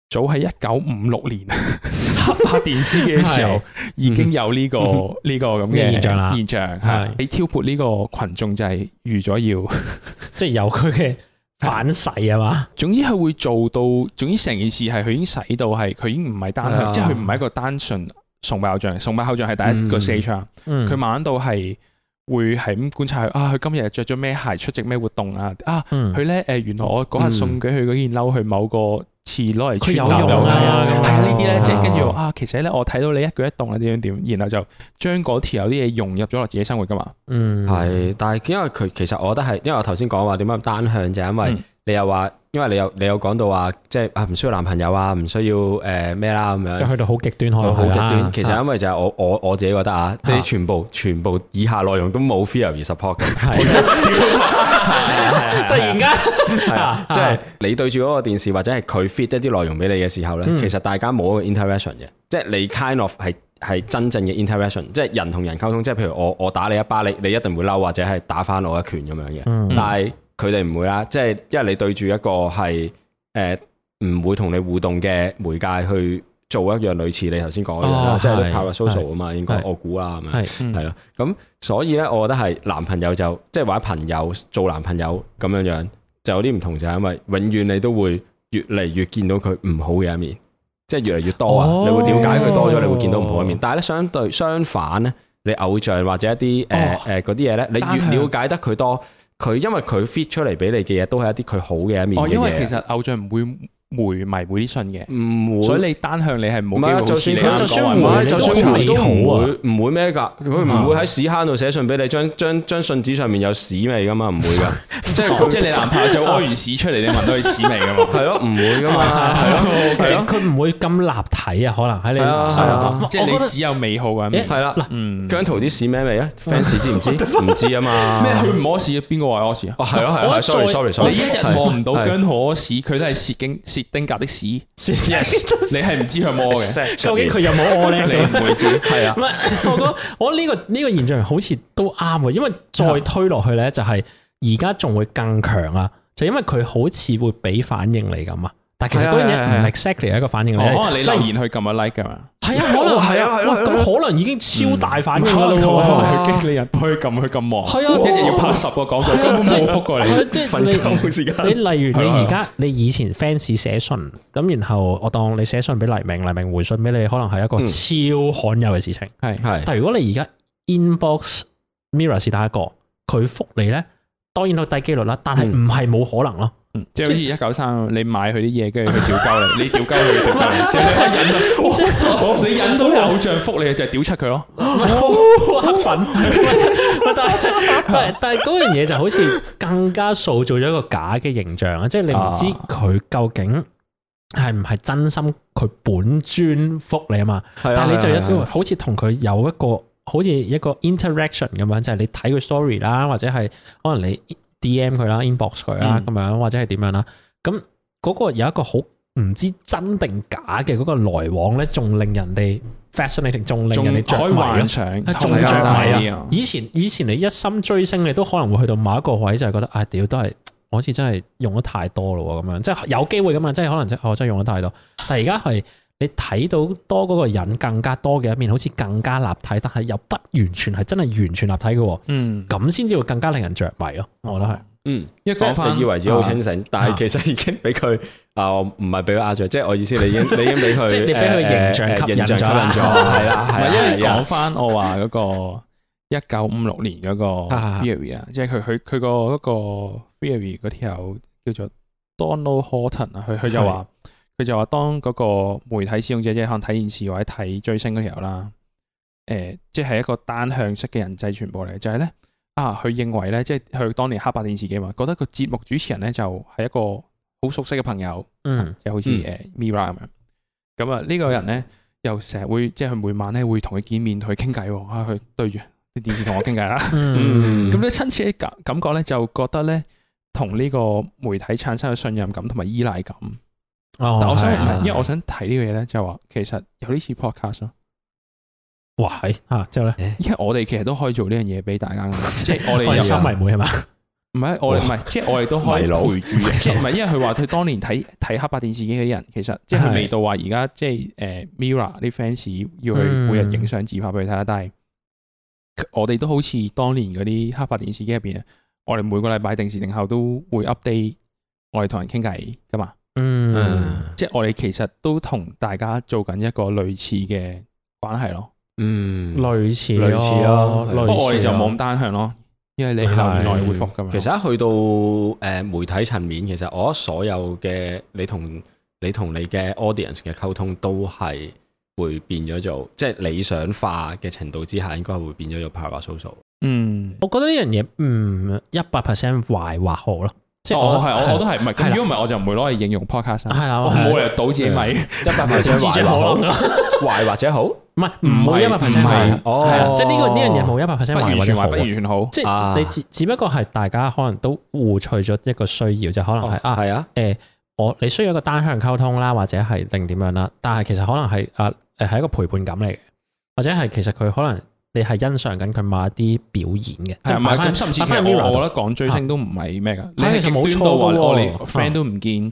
早喺一九五六年。 拍電視嘅時候已經有呢、這個呢、 嗯、個咁嘅現象啦， 現象係了是你挑撥呢個群眾就係預咗要， 即係由佢嘅反噬啊嘛。吧總之佢會做到，總之成件事係佢已經使到係佢已經唔係單，即係佢唔係一個單純崇拜偶像。崇拜偶像係第一個四場。佢慢慢到係會係咁觀察佢啊，佢今日着咗咩鞋出席咩活動啊？啊，佢咧誒，原來我嗰日送俾佢嗰件褸去某個。次攞嚟，佢有用啊！係啊，呢啲咧即係跟住啊，其實咧我睇到你一舉一動咧點樣點，然後就將嗰條友啲嘢融入咗我自己生活㗎嘛。嗯，係，但係因為佢其實我覺得係，因為我頭先講話點解咁單向就係因為、嗯。你又話，因為你有你有講到話，即係啊，唔需要男朋友啊，唔需要誒咩、呃、啦咁樣，即係去到好極端，好極端。啊、其實因為就係我我我自己覺得啊，啲、啊、全部全部以下內容都冇 feel 而 support 嘅，突然間係啊，即係 你對住嗰個電視或者係佢 feed 一啲內容俾你嘅時候咧，嗯、其實大家冇一個 interaction 嘅，即、就、係、是、你 kind of 係係真正嘅 interaction，即係人同人溝通，即係譬如我我，我打你一巴，你你一定會嬲或者係打返我一拳咁樣嘅，但係是。嗯。佢哋唔會啦，即係因為你對住一個係誒唔會同你互動嘅媒介去做一樣類似你頭先講嗰樣啦，即係 parasocial 啊嘛，應該我估啊，係咪係咯。咁所以咧，我覺得係男朋友就即係或者朋友做男朋友咁樣樣，就有啲唔同就係因為永遠你都會越嚟越見到佢唔好嘅一面，即係越嚟越多啊。你會了解佢多咗，你會見到唔好嘅一面。但係咧相對相反咧，你偶像或者一啲誒誒嗰啲嘢咧，你越了解得佢多。佢因為佢 fit 出嚟俾你嘅嘢，都係一啲佢好嘅一面、哦、因為其實偶像唔會。回咪會啲信嘅，唔會所以你單向你係冇。唔就算你就算唔，就算都唔會唔會咩噶，佢唔會喺屎坑度寫信俾你。張張張信紙上面有屎味噶嘛，唔會噶。即係即係你男朋友就屙完屎出嚟，你聞到佢屎味噶嘛。係咯，唔會噶嘛。係咯，佢唔會咁立體啊，可能喺你即係你只有美好啊。係啦，嗯，姜濤啲屎咩味啊？fans 知唔知？唔知啊嘛。咩？佢唔屙屎，邊個話屙屎啊？哦，係咯係咯 sorry sorry sorry，你一日望唔到姜濤屙屎，佢都係視丁格的屎，yes, 你係唔知佢屙嘅，Exactly. 究竟佢有冇屙咧？你唔會知，係啊。唔係，我覺得我呢、這個呢、這個現象好似都啱啊，因為再推落去咧，就係而家仲會更強啊， 就因為佢好似會俾反應你咁啊。但其實嗰樣嘢唔 exactly 係一個反應嚟，可能你留言去撳個 like 噶嘛？係啊，可能係啊，咁可能已經超大反應啦。佢激你啊，去撳去咁忙。係啊，一日要拍十個廣告跟住覆過嚟，瞓覺時間。你例如你而家，你以前 fans 寫信，咁然後我當你寫信俾黎明，黎明回信俾你，可能係一個超罕有嘅事情。係係。但如果你而家 inbox mirror 是打一個，佢覆你咧，當然係低機率啦，但係唔係冇可能咯。即係好似一九三，你買佢啲嘢，跟住佢屌鳩你，你屌鳩佢，就你忍啦。你忍到偶像福你，就係屌出佢咯。 黑粉，但係但係但係嗰樣嘢就好似更加塑造咗一個假嘅形象啊！即係你唔知佢究竟係唔係真心，佢本尊福利啊嘛。但係你就一好似同佢有一個、啊啊、好似一,一個 interaction 咁樣，就係你睇佢 story 啦，或者係可能你。D.M 佢啦，inbox 佢啦，咁樣或者係點樣啦？咁嗰、嗯、個有一個好唔知真定假嘅嗰個來往咧，仲令人哋 fascinating，仲令人哋著迷啊！想中獎迷啊！對以前以前你一心追星，你都可能會去到某一個位，就係覺得啊，屌、哎、都係，我好似真係用得太多啦，咁樣即係有機會噶嘛？即係可能即係我真係用得太多，但係而家係。你睇到多嗰個人更加多嘅一面，好似更加立體，但係又不完全係真係完全立體嘅。嗯，咁先至會更加令人着迷咯。我都係，嗯，因為講翻以為自己好清醒，但係其實已經俾佢啊，唔係俾佢壓着。即係我意思，你已經你已經俾佢，即係你俾佢形象吸引咗啦。係啦，係因為講翻我話嗰個一九五六年嗰個 theory 啊，即係佢佢佢個嗰個 theory 條叫做 Donald Horton 啊，佢佢就話。佢就話，當嗰個媒體使用者即可能睇電視或者睇追星嗰時候啦，誒，即係一個單向式嘅人際傳播嚟，就係咧啊，佢認為咧，即係佢當年黑白電視機嘛，覺得個節目主持人咧就係一個好熟悉嘅朋友，嗯，就好似誒 Mirror 咁樣，咁啊呢個人咧又成日會，即係佢每晚咧會同佢見面同佢傾偈，啊，佢對住啲電視同我傾偈啦，咁啲親切嘅感覺咧就覺得咧，同呢個媒體產生咗信任感同埋依賴感。但我想，啊、因為我想睇呢個嘢咧，就係、係、話其實有啲似 podcast 咯。哇，啊！之後咧，因為我哋其實都可以做呢樣嘢俾大家，即係我哋有收迷妹係嘛？唔係我唔係，即係我哋都可以陪住。即唔係，因為佢話佢當年睇睇黑白電視機嘅人，其實即係未到話而家，即係誒 MIRROR 啲 fans 要去每日影相自拍俾佢睇啦。嗯、但係我哋都好似當年嗰啲黑白電視機入邊，我哋每個禮拜定時定候都會 update，我哋同人傾偈噶嘛。嗯，即係我哋其實都同大家做緊一個類似嘅關係咯。嗯，類似類似咯，不過吧我哋就冇咁單向咯，因為你流內回覆㗎嘛。其實一去到誒媒體層面，其實我覺得所有嘅你同你同你嘅 audience 嘅溝通都係會變咗做，即係理想化嘅程度之下，應該會變咗做 parasocial 嗯對。嗯，我覺得呢樣嘢，嗯，一百 percent 壞或好咯。哦，係我我都係，唔係如果唔係，我就唔會攞嚟應用 podcast。係啦，我唔嚟倒自己咪一百 percent 壞或者好，壞或者好，唔係唔會一百 percent 係，係啦，即係呢個呢樣嘢冇一百 percent 壞或者好，不完全壞不完全好。即係你只只不過係大家可能都互取咗一個需要，就可能係啊，係啊，誒，我你需要一個單向溝通啦，或者係定點樣啦？但係其實可能係啊誒，係一個陪伴感嚟嘅，或者係其實佢可能。你係欣賞緊佢某一啲表演嘅，就係買咁。但係 我我覺得講追星都唔係咩噶，你其實冇錯啊！我連 friend 都唔見，誒、啊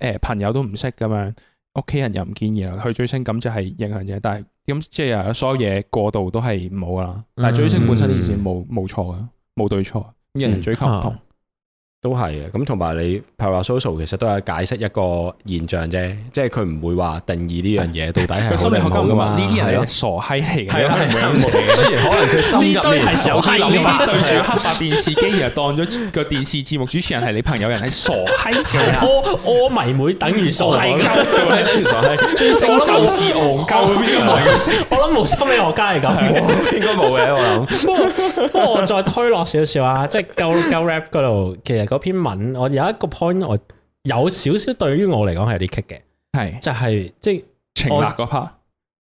哦、朋友都唔識咁樣，屋企、啊、人又唔建議啦。去追星咁就係影響啫，但係咁即係啊！就是、所有嘢過度都係唔好啦。但係追星本身呢件事冇冇錯嘅，冇對錯，啊、人人追求唔同。啊啊都係嘅，咁同埋你譬 a r a s o 其實都有解釋一個現象啫，即係佢唔會話定義呢樣嘢到底係心理學家唔話呢啲係傻閪嚟嘅，雖然可能佢深入係傻閪法，對住黑白電視機而當咗個電視節目主持人係你朋友人係傻閪，柯柯迷妹等於傻閪，等於傻閪，最衰就是憨鳩，我諗冇心理學家係咁樣，應該冇嘅我諗。不過我再推落少少啊，即係 go go rap 嗰度，其實。嗰篇文，我有一個 point，我有少少對於我嚟講係啲棘嘅，係是就係即係懲罰嗰 part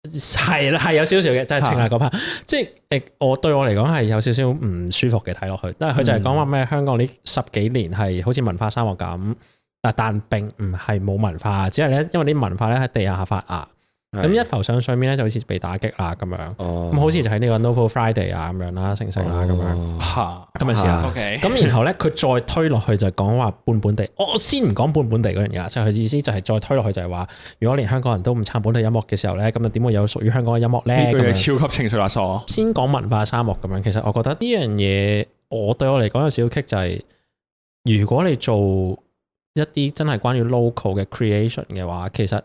係啦係有少少嘅，就係、是、懲罰嗰 part，即係我對我嚟講係有少少唔舒服嘅睇落去，但係佢就係講話咩香港呢十幾年係好似文化沙漠咁，啊、嗯、但並唔係冇文化，只係咧因為啲文化咧喺地下發芽。咁一浮上上面咧，就好似被打擊啦咁樣。哦、no，咁好似就喺呢個 Novel Friday 啊，咁樣啦，星星啦，咁樣吓，今日試啊，OK。咁然後咧，佢 再推落去就講話半本地。我先唔講半本地嗰樣嘢啦，即係佢意思就係再推落去就係話，如果連香港人都唔撐本地音樂嘅時候咧，咁啊點會有屬於香港嘅音樂咧？呢句嘢超級情緒化嗦。樣先講文化沙漠咁樣，其實我覺得呢樣嘢我對我嚟講有少少棘，就係、是、如果你做一啲真係關於 local 嘅 creation 嘅話，其實。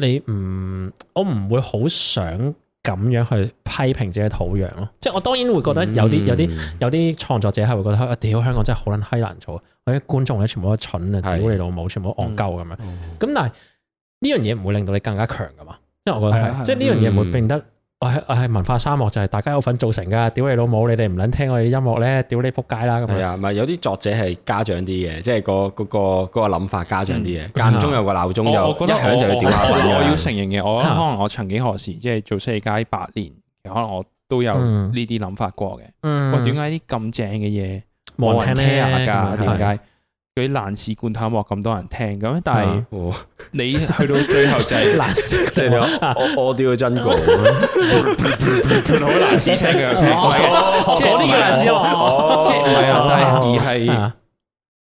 你唔，我唔會好想咁樣去批評自己土壤咯。即係我當然會覺得有啲、嗯、有啲有啲創作者係會覺得，屌、嗯啊、香港真係好撚閪難做，我啲觀眾咧全部都蠢的啊，屌你老母，全部都戇鳩咁樣。咁但係呢樣嘢唔會令到你更加強噶嘛，即係我覺得即係呢樣嘢唔會變得。係係文化沙漠，就係大家有份造成噶。屌你老母，你哋唔捻聽我哋音樂咧，屌你仆街啦！咁係啊，咪有啲作者係家長啲嘅，即係個嗰個嗰個諗法家長啲嘅。間中有個鬧鐘又一響就要屌。我要承認嘅，我可能我曾幾何時即係做西街八年，可能我都有呢啲諗法過嘅。我點解啲咁正嘅嘢冇人聽下噶？點解？佢爛事罐頭冇咁多人聽咁，但係你去到最後就係爛事，我我屌真講，好爛事請佢聽，即係嗰啲叫爛事咯，即係唔係啊？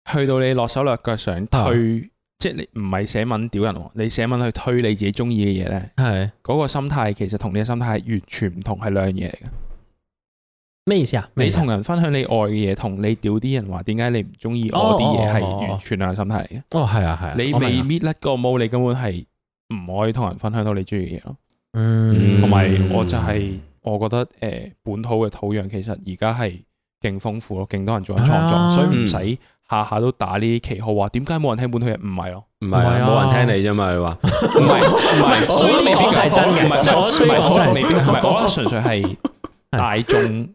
而係去到你落手落腳想推，即係你唔係寫文屌人，你寫文去推你自己中意嘅嘢咧，係嗰個心態其實同你嘅心態係完全唔同，係兩樣嘢嚟嘅。咩意思啊？你同人分享你愛嘅嘢，同你屌啲人話，點解你唔中意我啲嘢係完全兩心態嚟嘅。哦，係啊，係啊。你未搣甩個毛，你根本係唔可以同人分享到你中意嘅嘢咯。嗯，同埋我就係我覺得，誒，本土嘅土壤其實而家係勁豐富咯，勁多人做緊創作，所以唔使下下都打呢啲旗號話，點解冇人聽本土嘢？唔係咯，唔係冇人聽你啫嘛，你話唔係唔係未必係真嘅，唔係真我衰我真係衰啲，唔係我覺得純粹係大眾。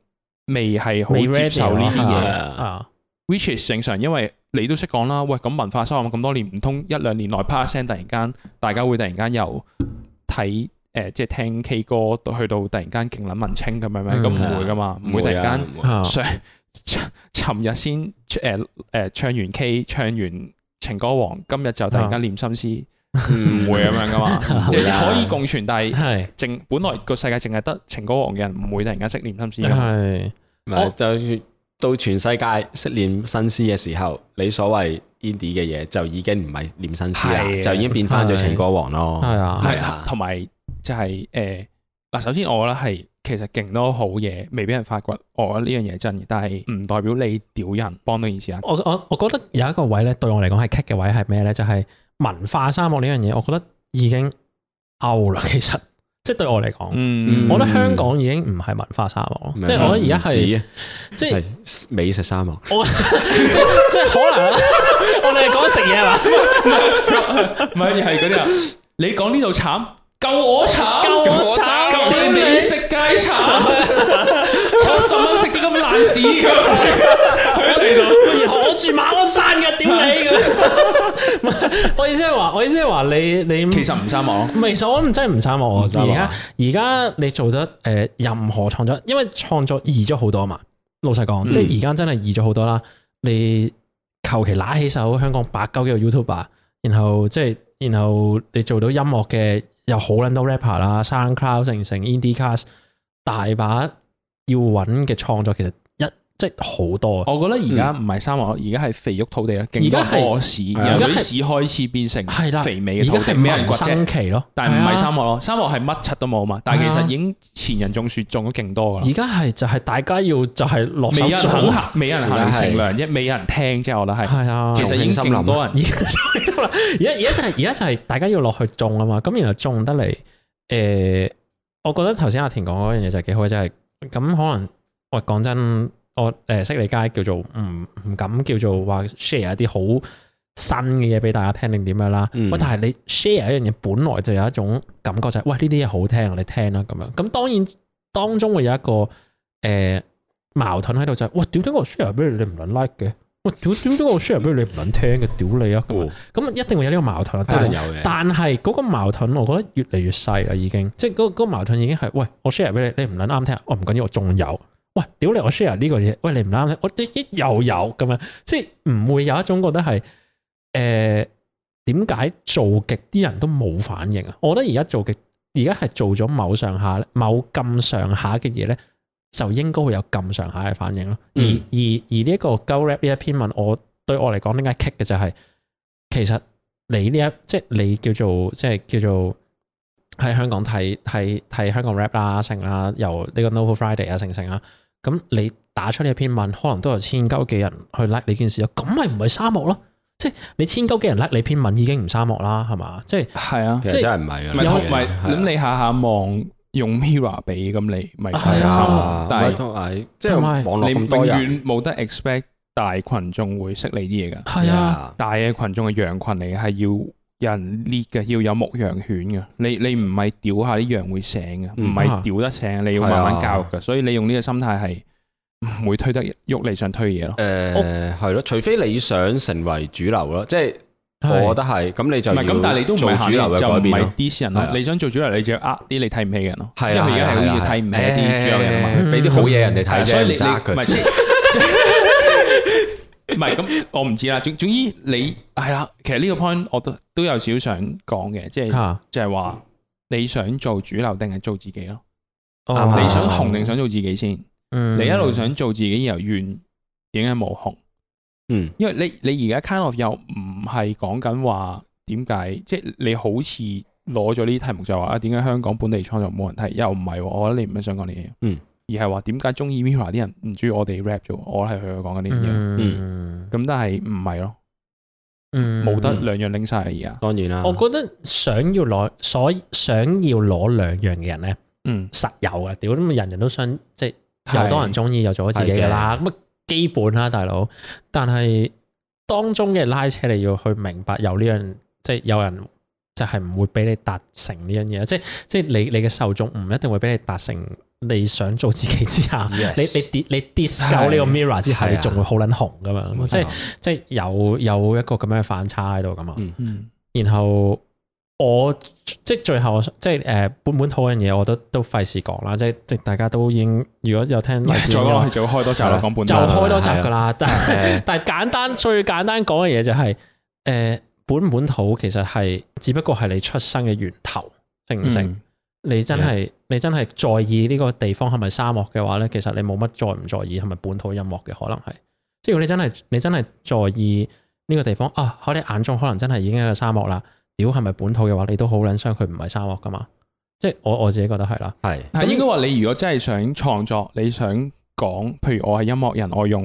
未係好接受呢啲嘢啊，which is 正常，因為你都識講啦。喂，咁文化收活咁多年唔通一兩年內啪一聲，突然間大家會突然間又睇誒，即係聽 K 歌，去到，到突然間勁撚文青咁的樣咩？都唔會噶嘛，唔會，會、啊、會突然間、啊、上。尋日先誒誒唱完 K，唱完情歌王，今日就突然間念心思。唔 會咁樣噶嘛，即 會啦 可以共存，但係淨是本來個世界淨係得情歌王嘅人唔會突然間識念心思。係我是、哦、就算到全世界識念心思嘅時候，你所謂 indie 嘅嘢就已經唔係念心思啦，啊、就已經變翻做情歌王咯。係啊，係啊。同埋、啊、就係誒嗱，首先我覺得係其實勁多好嘢未俾人發掘，我覺得呢樣嘢真嘅，但係唔代表你屌人幫到件事啊。我我我覺得有一個位咧，對我嚟講係棘嘅位係咩咧？就係、是。文化沙漠呢樣嘢，我覺得已經 out 啦。其實，即係對我嚟講，我覺得香港已經唔係文化沙漠，即係我而家係即係美食沙漠。我即係可能我哋係講食嘢啦，唔係係嗰啲啊。你講呢度慘，夠我慘，夠我慘，你食雞慘，七十蚊食啲咁爛事。 我住馬鞍山嘅，點你佢？我意思係話，我意思係話，你你其實唔生我？唔係，其實我唔真係唔生我。而家而家你做得誒，任何創作，因為創作易咗好多嘛。老實講，嗯、即係而家真係易咗好多啦。你求其拿起手，香港百九幾個 YouTuber，然後即係然後你做到音樂嘅又好撚多 rapper 啦，SoundCloud 成成 indie cast，大把要揾嘅創作其實。即好多，我覺得而家唔係沙漠，而家係肥沃土地而咧，勁多市，由市開始變成係啦肥美嘅土地，新奇咯，但係唔係沙漠咯，沙漠係乜柒都冇嘛，但係其實已經前人種樹種咗勁多噶，而家係就係大家要就係落手種下，美人行乘涼，亦未有人聽之後啦，係，係啊，其實已經勁多人，而家而家就係而家就係大家要落去種啊嘛，咁然後種得嚟，誒，我覺得頭先阿田講嗰樣嘢就係幾好，就係咁可能喂講真。我誒識你街叫做唔唔敢叫做話 share 一啲好新嘅嘢俾大家聽定點樣啦？喂、嗯，但係你 share 一樣嘢，本來就有一種感覺就係、是，喂呢啲嘢好聽，你聽啦咁樣。咁當然當中會有一個誒、呃、矛盾喺度就係、是，喂屌，點解我 share 俾你唔撚 like 嘅？喂，屌，點解我 share 俾你唔撚聽嘅？屌你啊！咁 一定會有呢個矛盾，都有。嗯、但係嗰個矛盾，我覺得越嚟越細啦，已經。嗯、即係嗰嗰矛盾已經係，喂我 share 俾你，你唔撚啱聽，我、哦、唔緊要，我仲有。喂，屌你！我 share 呢個嘢，喂你唔啱咧，我啲又有咁樣，即係唔會有一種覺得係誒點解做極啲人都冇反應啊？我覺得而家做極而家係做咗某上下、某咁上下嘅嘢咧，就應該會有咁上下嘅反應咯、啊。而、嗯、而而呢個 Go Rap 呢一篇文，我對我嚟講點解棘嘅就係、是，其實你呢一即係你叫做即係叫做。喺香港睇睇睇香港 rap 啦、啊，成啦、啊，由呢個 Novo Friday 啊，成成啦。咁、啊、你打出呢一篇文，可能都有千九幾人去 like 呢件事咯。咁咪唔係沙漠咯、啊？即係你千九幾人 like 你篇文，已經唔沙漠啦，係嘛？即係係啊，其實真係唔係啊。唔係咁你下下望用 Mirror 比咁，你咪係啊。啊沙漠但係即係網絡咁多人，冇得 expect 大群眾會識你啲嘢噶。係啊，大嘅群眾嘅羊群嚟嘅，係要。人獵嘅要有牧羊犬嘅，你你唔係屌下啲羊會醒嘅，唔係屌得醒，你要慢慢教育嘅，所以你用呢個心態係唔會推得喐你想推嘢咯。誒，係咯，除非你想成為主流咯，即係我覺得係，咁你就唔係咁，但係你都唔係主流，就唔係啲人咯。你想做主流，你就要呃啲你睇唔起嘅人咯，係啊，係啊，係啊，睇唔起啲主流人物，俾啲好嘢人哋睇啫，唔使呃佢。唔係咁， 我唔知啦。總總之你，你係啦。其實呢個 point 我都都有少想講嘅，即係就係、是、話、就是、你想做主流定係做自己咯？哦、你想紅定想做自己先？嗯、你一路想做自己後，怨點解冇紅。嗯，因為你你而家 kind of 又唔係講緊話點解？即、就、係、是、你好似攞咗呢啲題目就話啊，點解香港本地創作冇人睇？又唔係、哦？我覺得你唔係想講呢啲嘢。嗯。而係話點解中意 MIRROR 啲人唔中意我哋 rap 咗？我係佢講緊呢樣嘢，咁、嗯、但係唔係咯，冇得兩樣拎晒而啊！當然啦，我覺得想要攞所想要攞兩樣嘅人咧，嗯、實有啊！屌咁，人人都想即係又多人中意是又做咗自己嘅啦，咁的基本啦，大佬。但係當中嘅拉扯，你要去明白有呢樣，即係有人就係唔會俾你達成呢樣嘢，即係即係你你嘅受眾唔一定會俾你達成。你想做自己之下，你你跌你 disco 呢個 mirror 之下，你仲會好撚紅噶嘛？即係即係有有一個咁樣嘅反差喺度噶嘛？嗯嗯。然後我即係最後即係誒本本土嘅嘢，我都都費事講啦。即係即大家都已經，如果有聽再講落去，就開多集啦。講本土就開多集噶啦。但係但係簡單最簡單講嘅嘢就係誒本本土其實係只不過係你出生嘅源頭，明唔明？你真係 Yeah. 你真係在意呢個地方係咪沙漠嘅話呢，其實你冇乜在唔在意係咪本土音樂嘅可能係。即係如果你真係你真係在意呢個地方啊，喺你眼中可能真係已經係個沙漠啦。如果係咪本土嘅話，你都好卵傷，佢唔係沙漠㗎嘛。即係我我自己覺得係啦。係是但係應該話你如果真係想創作，你想講，譬如我係音樂人，我用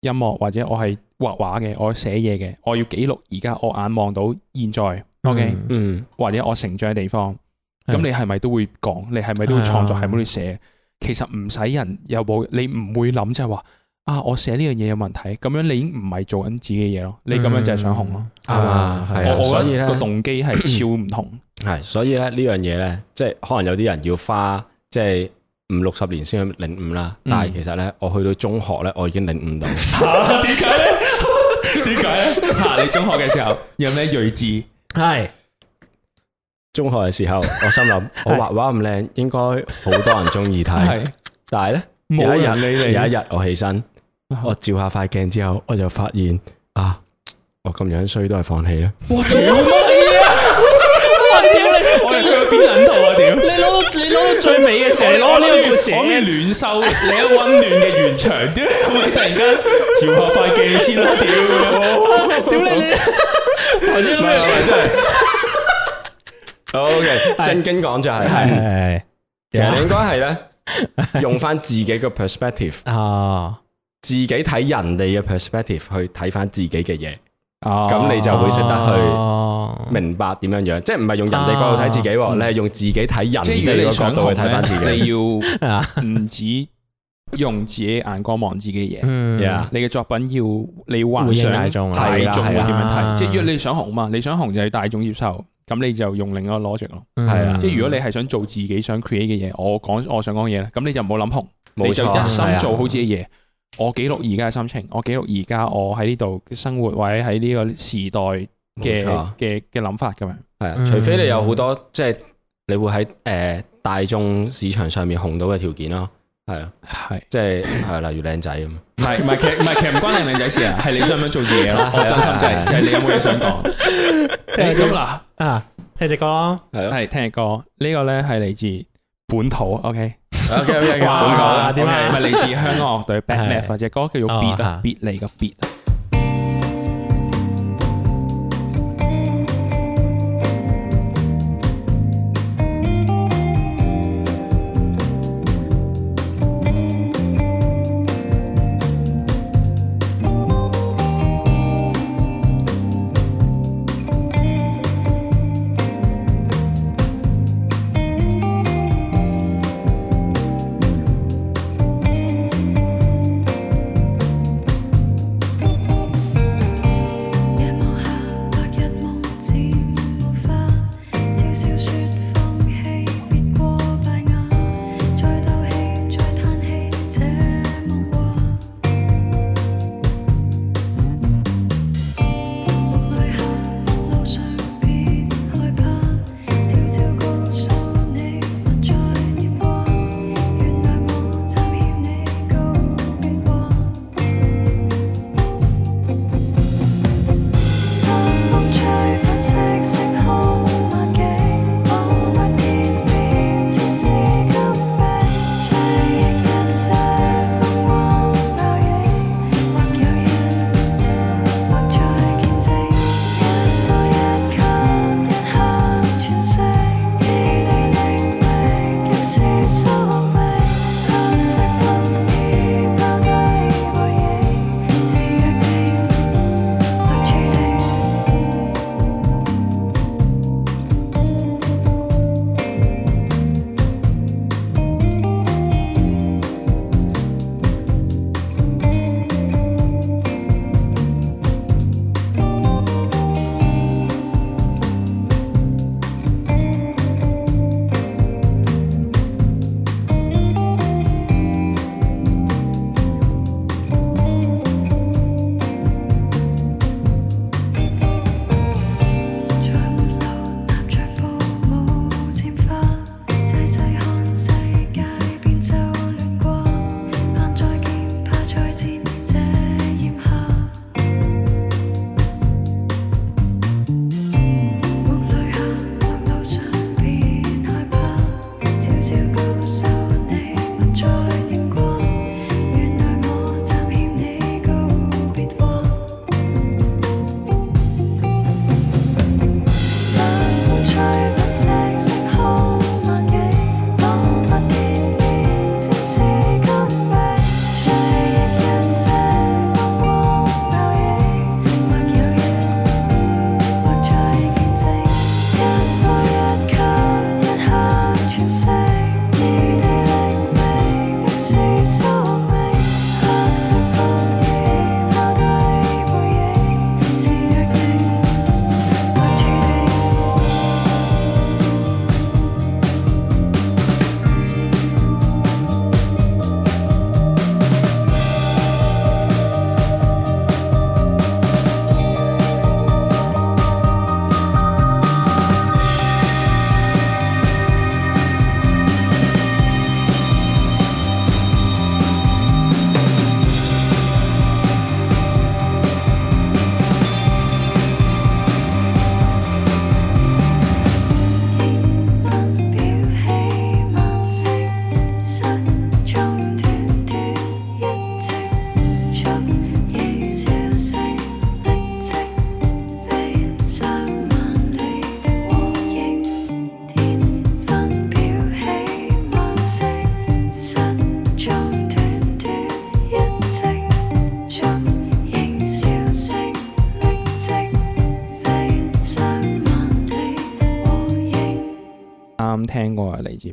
音樂或者我係畫畫嘅，我寫嘢嘅，我要記錄而家我眼望到現在。O K，嗯，或者我成長嘅地方。咁你係咪都會講？你係咪都會創作寫？係咪會寫？其實唔使人有冇，你唔會諗即係話啊！我寫呢樣嘢有問題，咁樣你已經唔係做緊自己嘅嘢咯。你咁樣就係想紅咯，係我所以咧個動機係超唔同。係、嗯啊、所以咧呢樣嘢咧，即係可能有啲人要花即係五六十年先去領悟啦。但係其實咧，我去到中學咧，我已經領悟到。點解咧？點解咧？吓 啊，你中學嘅時候有咩睿智？係。中學嘅時候，我心諗我畫畫咁靚，應該好多人中意睇。但係咧，有一日你有一日我起身，我照下塊鏡之後，我就發現啊，我咁樣衰都係放棄啦。我點可以啊？我係邊撚圖啊？屌！你攞到你攞到最尾嘅時候，你攞呢個故事咩暖秀」，你一溫暖嘅圓場點會突然間照下塊鏡先咯，屌你！我真係。O K，正經講就係，其實應該係咧，用翻自己個 perspective 啊，自己睇人哋嘅 perspective 去睇翻自己嘅嘢，咁你就會識得去明白點樣樣，即係唔係用人哋角度睇自己，你係用自己睇人哋嘅角度去睇翻自己。你要唔止用自己眼光望自己嘢，你嘅作品要你幻想大眾，係啦係啦，點樣睇？即係如果你想紅嘛，你想紅就係大眾接受。咁你就用另一個 logic 咯，係啦，即係如果你係想做自己想 create 嘅嘢，我講我想講嘅嘢咧，咁你就唔好諗紅，你就一心做好自己嘢。我記錄而家嘅心情，我記錄而家我喺呢度嘅生活或者喺呢個時代嘅嘅嘅諗法咁樣。係啊，除非你有好多即係你會喺誒大眾市場上面紅到嘅條件咯，係啊，係即係係例如靚仔咁，唔係唔係其實唔係其實唔關靚靚仔事啊，係你想唔想做嘢咯？我真心即係即係你有冇嘢想講？你咁嗱。啊、ah，聽隻歌咯，係聽隻歌，呢、這個咧係嚟自本土，OK，OK，OK，點啊？唔係嚟自香港樂隊 Bad Math，隻歌叫做別，別離個別。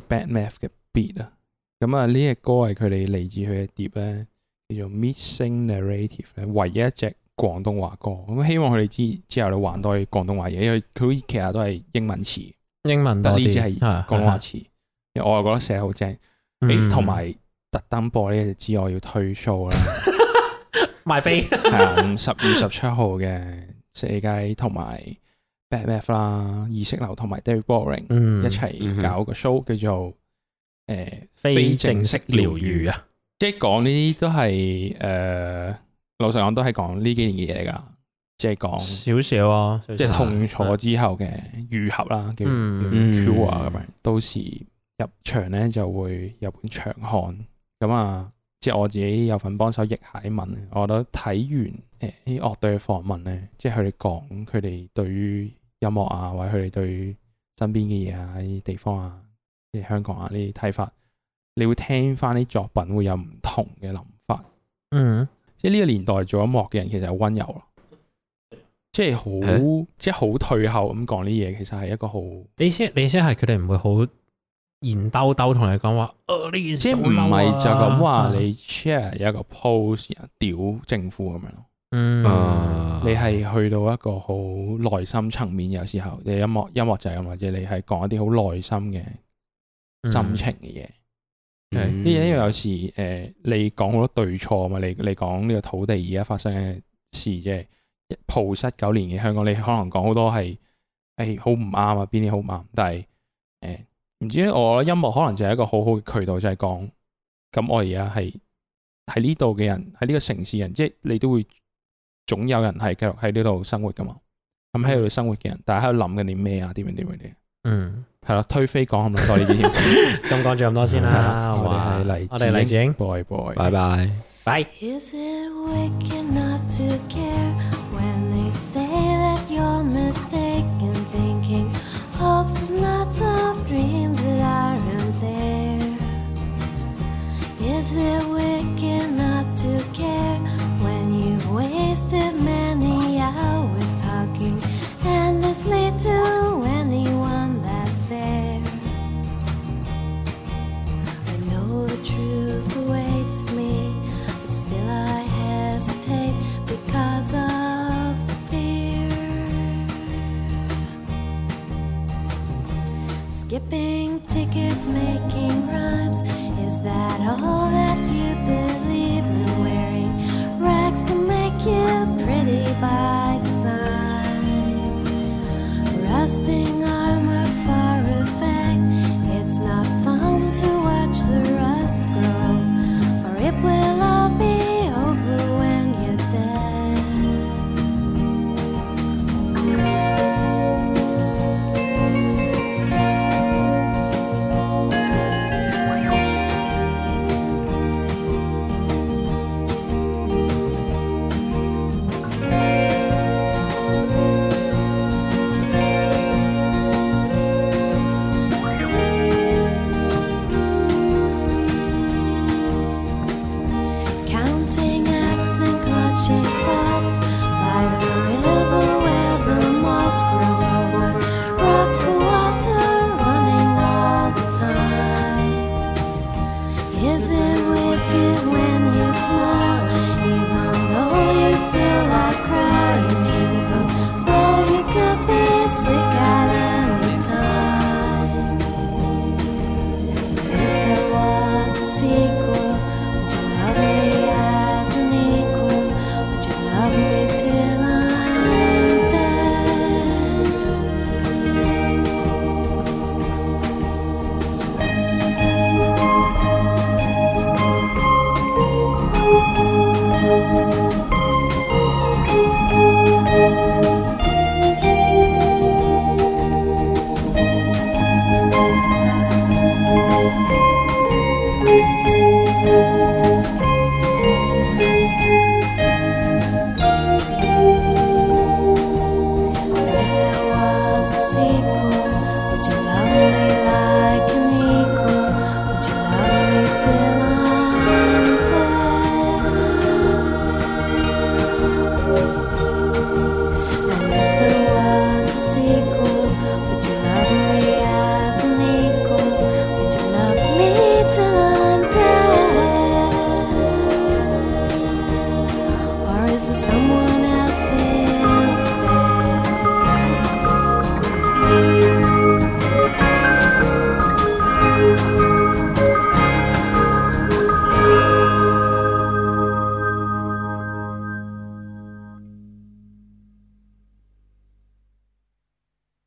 Bad Math 嘅 beat 啊，咁啊呢隻歌係佢哋嚟自佢嘅碟咧，叫做 Missing Narrative 咧，唯一一隻廣東話歌。咁希望佢哋之之後你多玩多啲廣東話嘢，因為佢其實都係英文詞，英文多，但呢隻係廣東話詞。我又覺得寫得好正，你同埋特登播呢隻之外要推 show 啦，賣飛。十月十七號嘅世界，同埋。Bad Math 啦，意識流同埋 David Boring 一齊搞一個 show，嗯、叫做誒、呃、非正式療愈啊！即係講呢啲都係誒老實講都係講呢幾年嘅嘢嚟㗎，即係講少少啊，即係痛楚之後嘅愈合啦，嗯、叫 cure 啊咁樣、嗯。到時入場咧就會有本場刊咁啊！即係我自己有份幫手譯海文，我覺得睇完誒啲樂隊嘅訪問咧，即係佢哋講佢哋對於。音樂啊，或者佢哋對身邊嘅嘢啊，喺地方啊，即係香港啊呢啲睇法，你會聽翻啲作品會有唔同嘅諗法。嗯，即係呢個年代做音樂嘅人其實係溫柔咯，即係好、嗯、即係好退後咁講呢嘢，其實係一個好。你先你先係佢哋唔會好言兜兜同你講話，呢件事唔係就咁話你 share 有一個 post 屌、嗯、政府咁樣咯。嗯，你係去到一個好內心層面，有時候嘅音樂音樂就係咁，或者你係講一啲好內心嘅心情嘅嘢。誒，呢嘢因為有時誒，你講好多對錯嘛，你你講呢個土地而家發生嘅事，即係抱失九年嘅香港，你可能講好多係誒好唔啱啊，邊啲好唔啱，但係誒唔知我音樂可能就係一個好好嘅渠道，就係講咁我而家係喺呢度嘅人，喺呢個城市人，即係你都會。總有人係繼續喺呢度生活噶嘛，咁喺度生活嘅人，大家喺度諗緊啲咩啊？點樣點樣點？嗯，係啦，推飛講咁多呢啲，咁講咗咁多先啦。我哋係勵，我哋勵志鷹 bye bye，拜拜，拜。